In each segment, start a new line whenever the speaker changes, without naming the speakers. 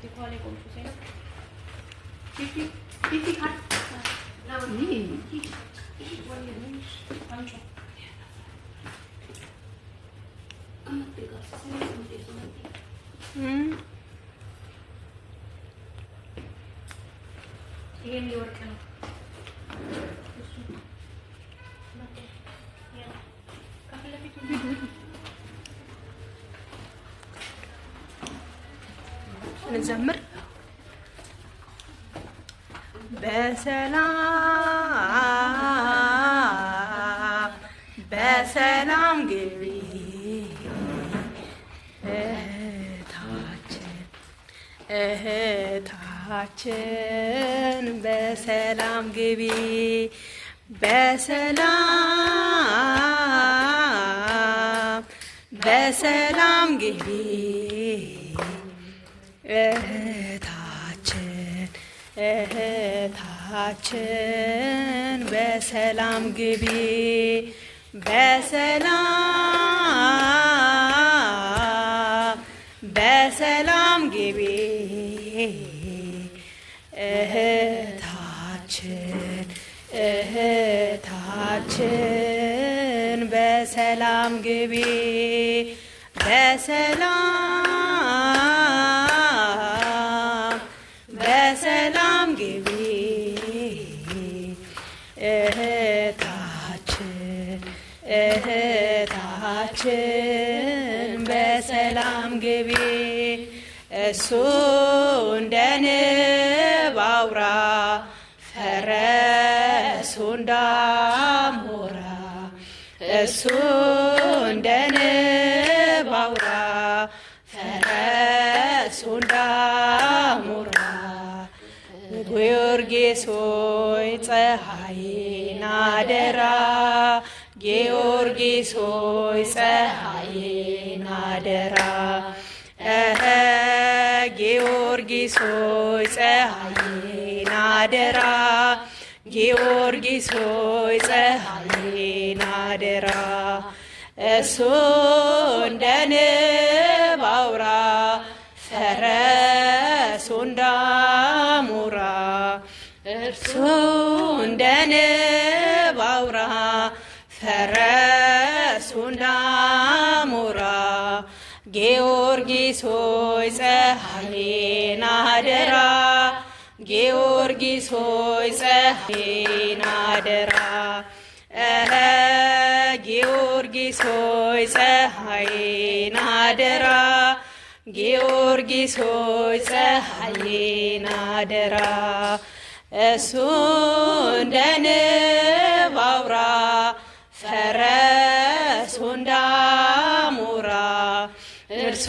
খেতে ফলে করছো তাই না হুম እንዘምር። በሰላም በሰላም ግቢ እህታችን እህታችን በሰላም ግቢ በሰላም በሰላም ግቢ እህታችን እህታችን በሰላም ግቢ በሰላም በሰላም ግቢ እህታችን እህታችን በሰላም ግቢ በሰላም እህታችን በሰላም ግቢ እሱ እንደ ንብ አውራ ፈረሱ እንዳሞራ እሱ እንደ ንብ አውራ ፈረሱ እንዳሞራ ጊዮርጊስ ጊሶ ፀሐይን አደራ ጊዮርጊስ ሆይ ፀሐዬን አደራ ጊዮርጊስ ሆይ ፀሐዬን አደራ እሱ እንደ ንብ አውራ ፈረሱ እንዳሞራ እርሱ እንደ ንብ ጊዮርጊስ ሆይ ፀሐዬን አደራ ጊዮርጊስ ሆይ አደራ ጊዮርጊስ ሆይ አደራ ጊዮርጊስ ሆይ አደራ እሱ እንደ ንብ አውራ እርሱ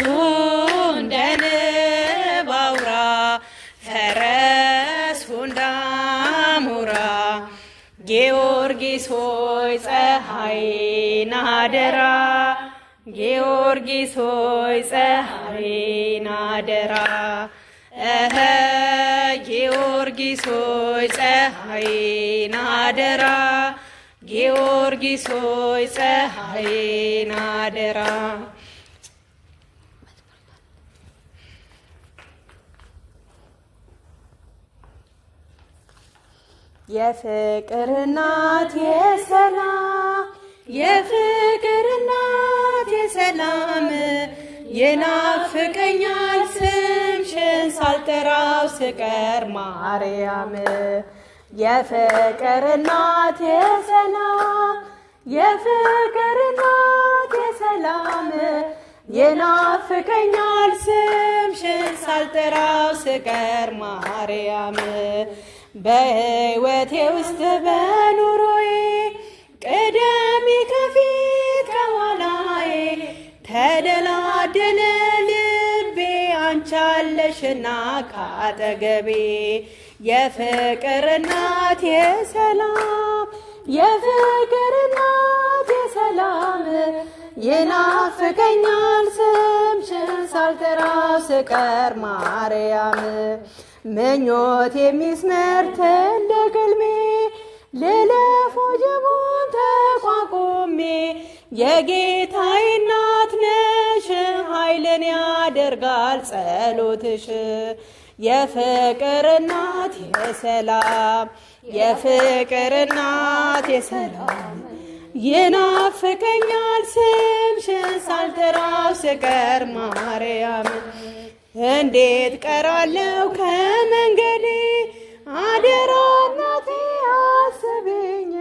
ፀሐይን አደራ ጊዮርጊስ ሆይ ፀሐይን አደራ እኸ ጊዮርጊስ ሆይ ፀሐይን አደራ ጊዮርጊስ ሆይ ፀሐይን አደራ የፍቅር እናት የሰላም የፍቅር እናት የሰላም የናፍቀኛል ስምሽን ሳልጠራው ስቀር ማርያም የፍቅር እናት የሰላም የፍቅር እናት የሰላም የናፍቀኛል ስምሽን ሳልጠራው ስቀር ማርያም በሕይወቴ ውስጥ በኑሮዬ ታደለ ልቤ አንቻለሽና ካጠገቤ የፍቅር እናት የሰላም የፍቅር እናት የሰላም ይናፍቀኛል ስምሽን ሳልጠራ ስቀር ማርያም ምኞት የሚስመር ትልቅ ሕልሜ ልለፎ ጀቦን ተቋቁሜ የጌታ ይዘርጋል ጸሎትሽ የፍቅር እናት የሰላም የፍቅር እናት የሰላም ይናፍቀኛል ስምሽን ሳልጠራው ስቀር ማርያም እንዴት ቀራለው ከመንገዴ አደራ እናቴ አስብኝ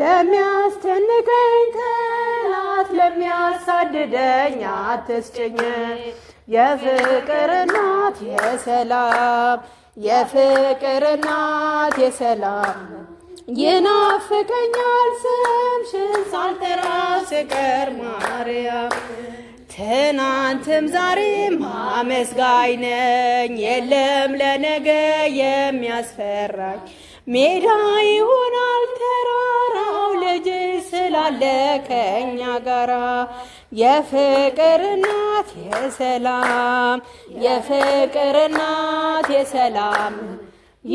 ለሚያስጨንቀኝ የሚያሳድደኝ አትስጭኝ። የፍቅር እናት የሰላም የፍቅር እናት የሰላም ይናፍቀኛል ስምሽን ሳልጠራ ስቀር ማርያም ትናንትም ዛሬም አመስጋኝ ነኝ። የለም ለነገ የሚያስፈራኝ ሜዳ ይሆናል ስላለ ከኛ ጋራ የፍቅር እናት የሰላም የፍቅር እናት የሰላም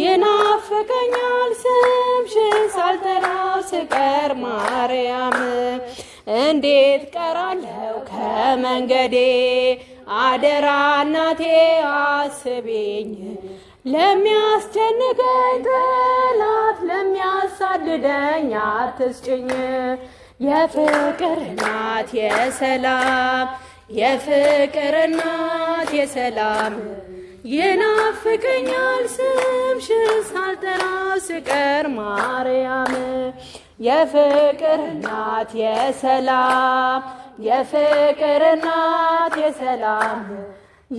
ይናፍቀኛል ስምሽን ሳልጠራ ስቀር ማርያም እንዴት ቀራለው ከመንገዴ አደራ እናቴ አስቢኝ ለሚያስጨንቀኝ አትክደኝ አትስጭኝ የፍቅር እናት የሰላም የፍቅር እናት የሰላም ይናፍቀኛል ስምሽን ሳልጠራ ስቀር ማርያም የፍቅር እናት የሰላም የፍቅር እናት የሰላም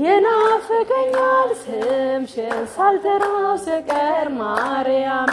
ይናፍቀኛል ስምሽን ሳልጠራ ስቀር ማርያም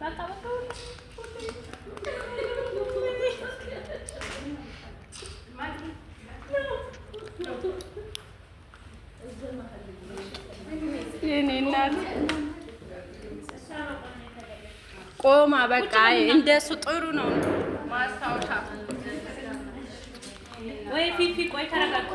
በቃ በቃ እናት ቆማ በቃ እንደሱ ጥሩ ነው። ማስታወሻ ወይ ፊፊ ቆይ ተረጋጋ።